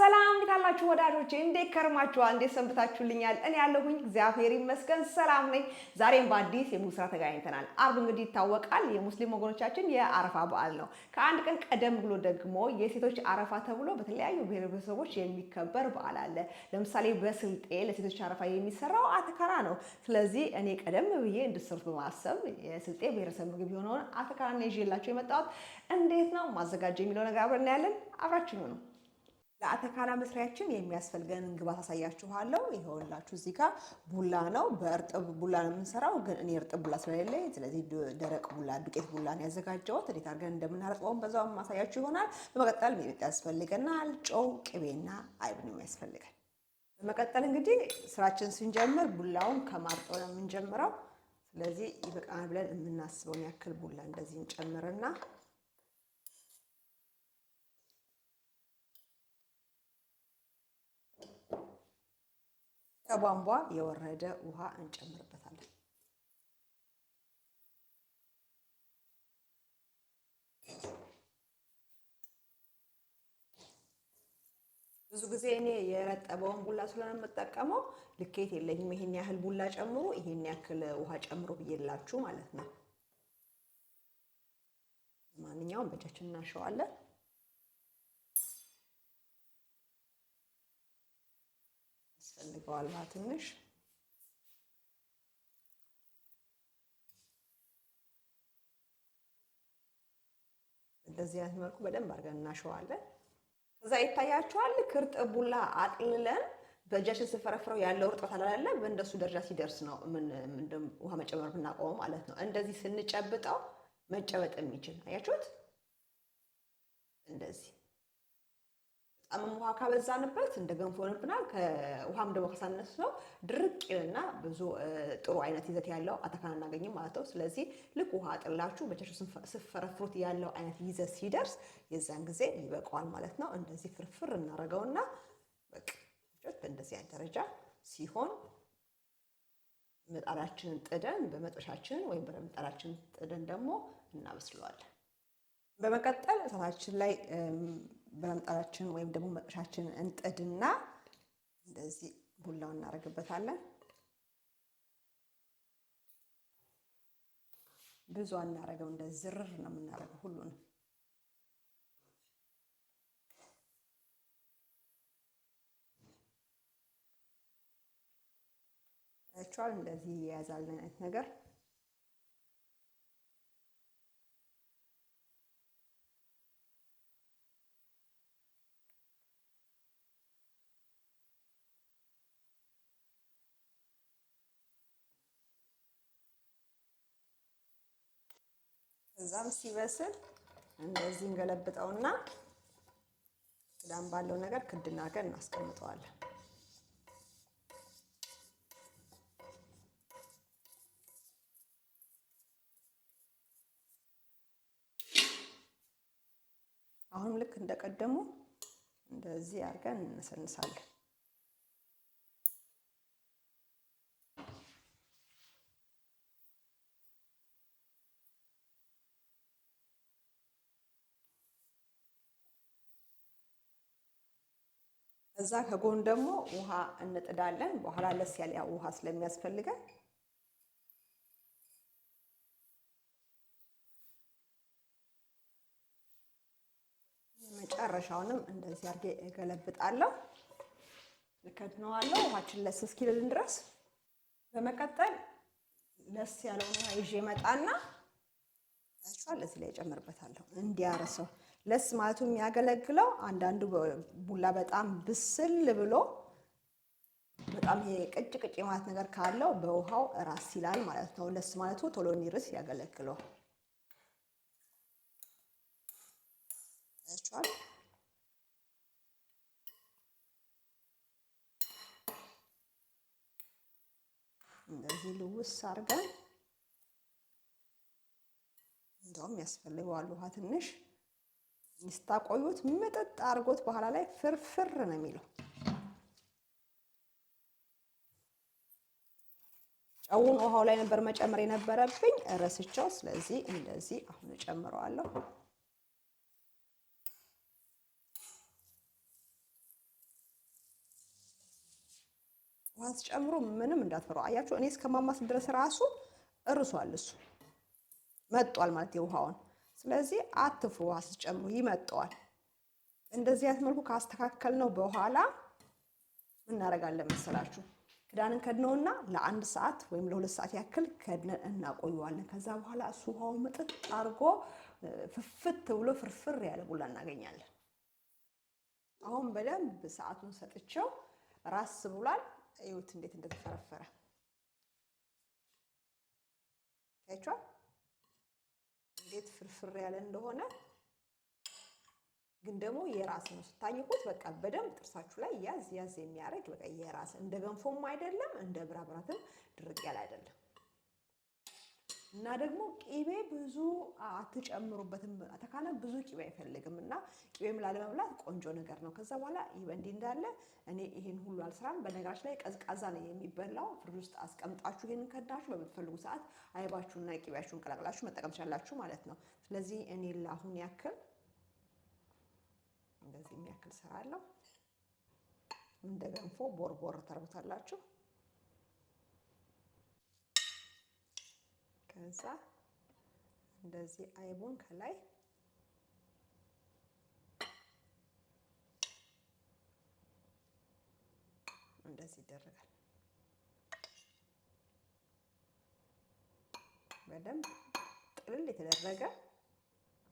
ሰላም እንዴት አላችሁ ወዳጆቼ? እንዴት ከርማችኋል? እንዴት ሰንብታችሁልኛል? እኔ ያለሁኝ እግዚአብሔር ይመስገን ሰላም ነኝ። ዛሬም በአዲስ የምግብ ስራ ተገናኝተናል። አርብ እንግዲህ ይታወቃል የሙስሊም ወገኖቻችን የአረፋ በዓል ነው። ከአንድ ቀን ቀደም ብሎ ደግሞ የሴቶች አረፋ ተብሎ በተለያዩ ብሔረሰቦች የሚከበር በዓል አለ። ለምሳሌ በስልጤ ለሴቶች አረፋ የሚሰራው አተካራ ነው። ስለዚህ እኔ ቀደም ብዬ እንድትሰሩት በማሰብ የስልጤ ብሔረሰብ ምግብ የሆነውን አተካራ ነው ይዤላችሁ የመጣሁት። እንዴት ነው ማዘጋጀ የሚለው ነገር አብረን እናያለን። አብራችሁ ነው ለአተካላ መስሪያችን የሚያስፈልገንን ግብዓት አሳያችኋለሁ። ይኸውላችሁ እዚህ ጋ ቡላ ነው። በእርጥብ ቡላ ነው የምንሰራው፣ ግን እኔ እርጥብ ቡላ ስለሌለ ስለዚህ ደረቅ ቡላ ዱቄት ቡላ ነው ያዘጋጀሁት። እንዴት አድርገን እንደምናረጥበውን በዛው ማሳያችሁ ይሆናል። በመቀጠል ሚጥሚጣ ያስፈልገናል፣ ጨው፣ ቅቤና አይብ ነው ያስፈልገን። በመቀጠል እንግዲህ ስራችን ስንጀምር ቡላውን ከማርጠው ነው የምንጀምረው። ስለዚህ ይበቃናል ብለን የምናስበውን ያክል ቡላ እንደዚህ እንጨምርና ከቧንቧ የወረደ ውሃ እንጨምርበታለን። ብዙ ጊዜ እኔ የረጠበውን ቡላ ስለሆነ የምጠቀመው ልኬት የለኝም። ይሄን ያህል ቡላ ጨምሩ፣ ይሄን ያክል ውሃ ጨምሩ ብዬላችሁ ማለት ነው። ለማንኛውም በእጃችን እናሸዋለን። ያስፈልገዋል ማለት ትንሽ እንደዚህ አይነት መልኩ በደንብ አድርገን እናሸዋለን። ከዛ ይታያቸዋል ክርጥ ቡላ አቅልለን በእጃችን ስፈረፍረው ያለው እርጥበት አላለ በእንደሱ ደረጃ ሲደርስ ነው ውሃ መጨመር ብናቆመው ማለት ነው። እንደዚህ ስንጨብጠው መጨበጥ የሚችል አያችሁት እንደዚህ ጣምም ውሃ ካበዛንበት እንደ ገንፎ ይሆንብናል። ውሃም ደግሞ ካሳነስ ነው ድርቅ ይልና ብዙ ጥሩ አይነት ይዘት ያለው አተካን አናገኝም ማለት ነው። ስለዚህ ልክ ውሃ ጥላችሁ በቻችሁ ስፈረፍሩት ያለው አይነት ይዘት ሲደርስ የዛን ጊዜ ይበቃዋል ማለት ነው። እንደዚህ ፍርፍር እናደርገውና በቃ እንደዚህ አይነት ደረጃ ሲሆን ምጣዳችንን ጥደን በመጥበሻችን ወይም በምጣዳችን ጥደን ደግሞ እናበስለዋለን። በመቀጠል እሳታችን ላይ በመምጠራችን ወይም ደግሞ መጥበሻችንን እንጥድና እንደዚህ ቡላውን እናደርግበታለን። ብዙ አናረገው፣ እንደ ዝርር ነው የምናደርገው ሁሉንም ያችኋል። እንደዚህ የያዛል አይነት ነገር እዛም ሲበስል እንደዚህ እንገለብጠውና ክዳን ባለው ነገር ክድና ገር እናስቀምጠዋለን። አሁንም ልክ እንደቀደሙ እንደዚህ አድርገን እንነሰንሳለን። ከዛ ከጎን ደግሞ ውሃ እንጥዳለን። በኋላ ለስ ያለ ውሃ ስለሚያስፈልገን መጨረሻውንም እንደዚህ አድርጌ እገለብጣለሁ። ልከድነዋለሁ ውሃችን ለስ እስኪልልን ድረስ። በመቀጠል ለስ ያለውን ውሃ ይዤ መጣና ታችኋል እዚህ ላይ እጨምርበታለሁ እንዲያረሰው ለስ ማለቱ የሚያገለግለው አንዳንዱ ቡላ በጣም ብስል ብሎ በጣም የቅጭ ቅጭ የማለት ነገር ካለው በውሃው ራስ ይላል ማለት ነው። ለስ ማለቱ ቶሎ እንዲርስ ያገለግለዋል። እንደዚህ ልውስ አድርገን እንደውም ያስፈልገዋል ውሃ ትንሽ ስታቆዩት ምጥጥ አድርጎት በኋላ ላይ ፍርፍር ነው የሚለው። ጨውን ውሃው ላይ ነበር መጨመር የነበረብኝ ረስቸው። ስለዚህ እንደዚህ አሁን እጨምረዋለሁ። ውሃ ስጨምሩ ምንም እንዳትፈሩ። አያችሁ እኔ እስከማማስ ድረስ ራሱ እርሷል። እሱ መጧል ማለት የውሃውን ስለዚህ አትፉ፣ አስጨምሩ ይመጠዋል። እንደዚህ አይነት መልኩ ነው በኋላ እናደርጋለን መሰላችሁ ክዳንን ከድነውና ለአንድ ሰዓት ወይም ለሁለት ሰዓት ያክል ከድነን እናቆየዋለን። ከዛ በኋላ እሱ ውሃው ምጥጥ አድርጎ ፍፍት ብሎ ፍርፍር ያለ ቡላ እናገኛለን። አሁን በደንብ ሰዓቱን ሰጥቼው ራስ ብሏል። እዩት እንዴት እንደተፈረፈረ ታያችኋል። ዘይት ፍርፍር ያለ እንደሆነ ግን ደግሞ የራስ ነው። ስታኝኩት በቃ በደንብ ጥርሳችሁ ላይ ያዝ ያዝ የሚያደርግ በቃ የራስ እንደ ገንፎም አይደለም እንደ ብራብራትም ድርቅ ያለ አይደለም። እና ደግሞ ቂቤ ብዙ አትጨምሩበትም። አተካና ብዙ ቂቤ አይፈልግም እና ቂቤም ላለመብላት ቆንጆ ነገር ነው። ከዛ በኋላ እንዲህ እንዳለ እኔ ይሄን ሁሉ አልስራም። በነገራችን ላይ ቀዝቃዛ ነው የሚበላው። ፍርድ ውስጥ አስቀምጣችሁ ይሄን ከዳችሁ በምትፈልጉ ሰዓት አይባችሁና ቂቤያችሁን ቀላቅላችሁ መጠቀም ትችላላችሁ ማለት ነው። ስለዚህ እኔ ለአሁን ያክል እንደዚህ የሚያክል ስራ አለው። እንደ ገንፎ ቦርቦር ተርብታላችሁ። ከዛ እንደዚህ አይቡን ከላይ እንደዚህ ይደረጋል። በደንብ ጥልል የተደረገ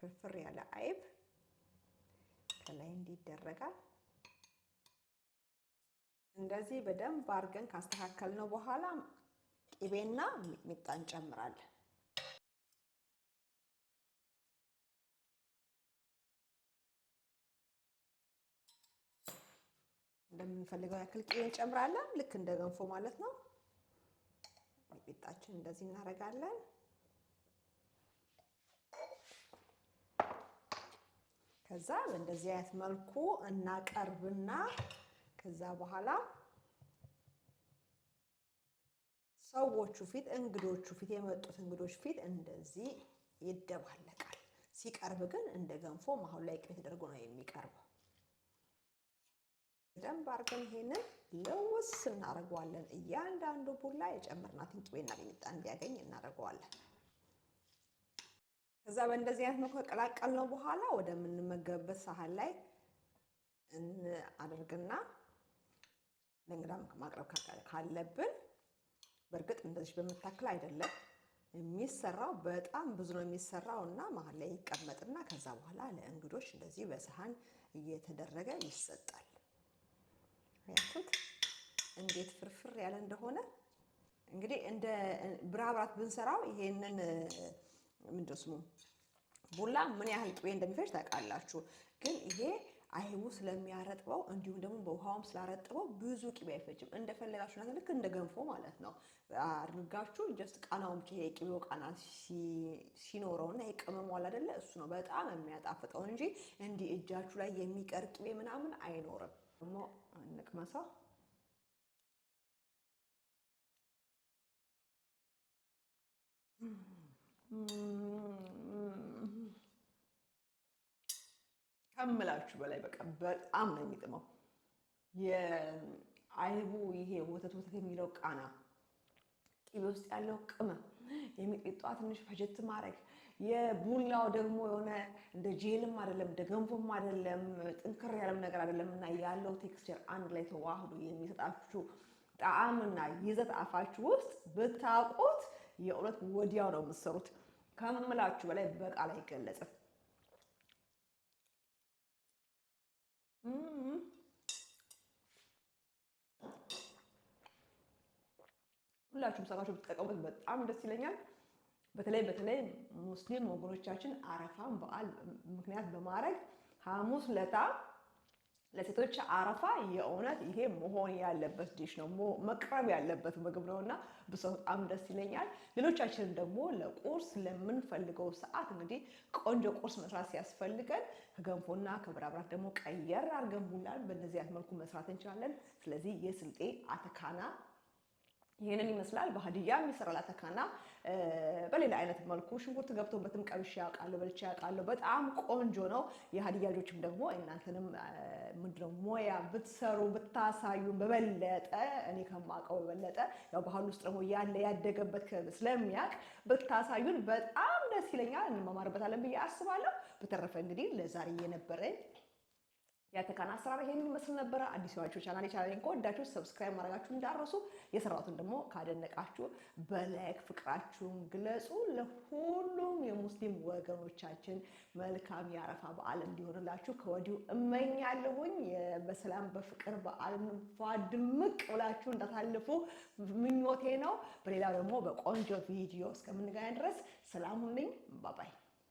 ፍርፍር ያለ አይብ ከላይ ይደረጋል። እንደዚህ በደንብ አድርገን ካስተካከልነው በኋላ ቂቤና ሚጣ እንጨምራለን። እንደምንፈልገው ያክል ቅቤ እንጨምራለን። ልክ እንደ ገንፎ ማለት ነው። ሚጥሚጣችን እንደዚህ እናደርጋለን። ከዛ በእንደዚህ አይነት መልኩ እናቀርብና ከዛ በኋላ ሰዎቹ ፊት እንግዶቹ ፊት የመጡት እንግዶች ፊት እንደዚህ ይደባለቃል። ሲቀርብ ግን እንደ ገንፎ መሀል ላይ ቅቤ ተደርጎ ነው የሚቀርበው። በደንብ አድርገን ይሄንን ልውስ እናደርገዋለን። እያንዳንዱ ቡላ የጨመርናትን ቅቤና ሚጥሚጣ እንዲያገኝ እናደርገዋለን። ከዛ በእንደዚህ አይነት መልኩ ከቀላቀልነው በኋላ ወደምንመገብበት ሳህን ላይ እናደርግና ለእንግዳ ማቅረብ ካለብን በእርግጥ እንደዚህ በምታክል አይደለም የሚሰራው፣ በጣም ብዙ ነው የሚሰራው እና መሀል ላይ ይቀመጥና ከዛ በኋላ ለእንግዶች እንደዚህ በሰሀን እየተደረገ ይሰጣል። ያችሁት እንዴት ፍርፍር ያለ እንደሆነ እንግዲህ እንደ ብራብራት ብንሰራው ይሄንን ምንድን ስሙ ቡላ ምን ያህል ቅቤ እንደሚፈጅ ታውቃላችሁ። ግን ይሄ አይቡ ስለሚያረጥበው እንዲሁም ደግሞ በውሃውም ስላረጥበው ብዙ ቅቤ አይፈጅም። እንደፈለጋችሁ ናት፣ ልክ እንደ ገንፎ ማለት ነው አድርጋችሁ ጀስት ቃናውም የቅቤው ቃና ሲኖረው እና የቅመሙ አለ አይደለ እሱ ነው በጣም የሚያጣፍጠው እንጂ እንዲህ እጃችሁ ላይ የሚቀር ቅቤ ምናምን አይኖርም። ደግሞ እንቅመሰው። ከምላችሁ በላይ በቃ በጣም ነው የሚጥመው። የአይቡ ይሄ ወተት ወተት የሚለው ቃና ቂቤ ውስጥ ያለው ቅመም የሚጥጧ ትንሽ ፈጀት ማድረግ የቡላው ደግሞ የሆነ እንደ ጄልም አይደለም እንደ ገንፎም አይደለም ጥንክር ያለም ነገር አይደለም እና ያለው ቴክስቸር አንድ ላይ ተዋህዶ የሚሰጣችሁ ጣዕምና ይዘት አፋችሁ ውስጥ ብታውቁት የእውነት ወዲያው ነው የምትሰሩት። ከምላችሁ በላይ በቃል አይገለጽም። ሁላችሁም ሰርታችሁ ብትጠቀሙት በጣም ደስ ይለኛል። በተለይ በተለይ ሙስሊም ወገኖቻችን አረፋን በዓል ምክንያት በማድረግ ሐሙስ ለታ ለሴቶች አረፋ የእውነት ይሄ መሆን ያለበት ዲሽ ነው፣ መቅረብ ያለበት ምግብ ነው እና በጣም ደስ ይለኛል። ሌሎቻችን ደግሞ ለቁርስ ለምንፈልገው ሰዓት እንግዲህ ቆንጆ ቁርስ መስራት ሲያስፈልገን ከገንፎና ከብራብራት ደግሞ ቀየር አድርገን ቡላን በእነዚህ መልኩ መስራት እንችላለን። ስለዚህ የስልጤ አተካና ይህንን ይመስላል። በሀዲያም ይሰራል አተካና በሌላ አይነት መልኩ ሽንኩርት ገብቶበትም ቀብሼ ያውቃለሁ፣ በልቼ ያውቃለሁ። በጣም ቆንጆ ነው። የሀዲያ ልጆችም ደግሞ እናንተንም ምንድነው ሞያ ብትሰሩ ብታሳዩን በበለጠ እኔ ከማውቀው በበለጠ ያው ባህል ውስጥ ደግሞ ያለ ያደገበት ስለሚያውቅ ብታሳዩን በጣም ደስ ይለኛል። እንማማርበታለን ብዬ አስባለሁ። በተረፈ እንግዲህ ለዛሬ የነበረኝ ያተካን አሰራር ይሄን ይመስል ነበረ። አዲስ የሆናችሁ ቻናሌ ቻናሌን ከወዳችሁ ሰብስክራይብ ማድረጋችሁ እንዳረሱ፣ የሰራሁትን ደግሞ ካደነቃችሁ በላይክ ፍቅራችሁን ግለጹ። ለሁሉም የሙስሊም ወገኖቻችን መልካም የአረፋ በዓል እንዲሆንላችሁ ከወዲሁ እመኛለሁኝ። በሰላም በፍቅር በዓል ንፋ ድምቅ ብላችሁ እንዳታልፉ ምኞቴ ነው። በሌላው ደግሞ በቆንጆ ቪዲዮ እስከምንገናኝ ድረስ ሰላም ሁኑልኝ። ባባይ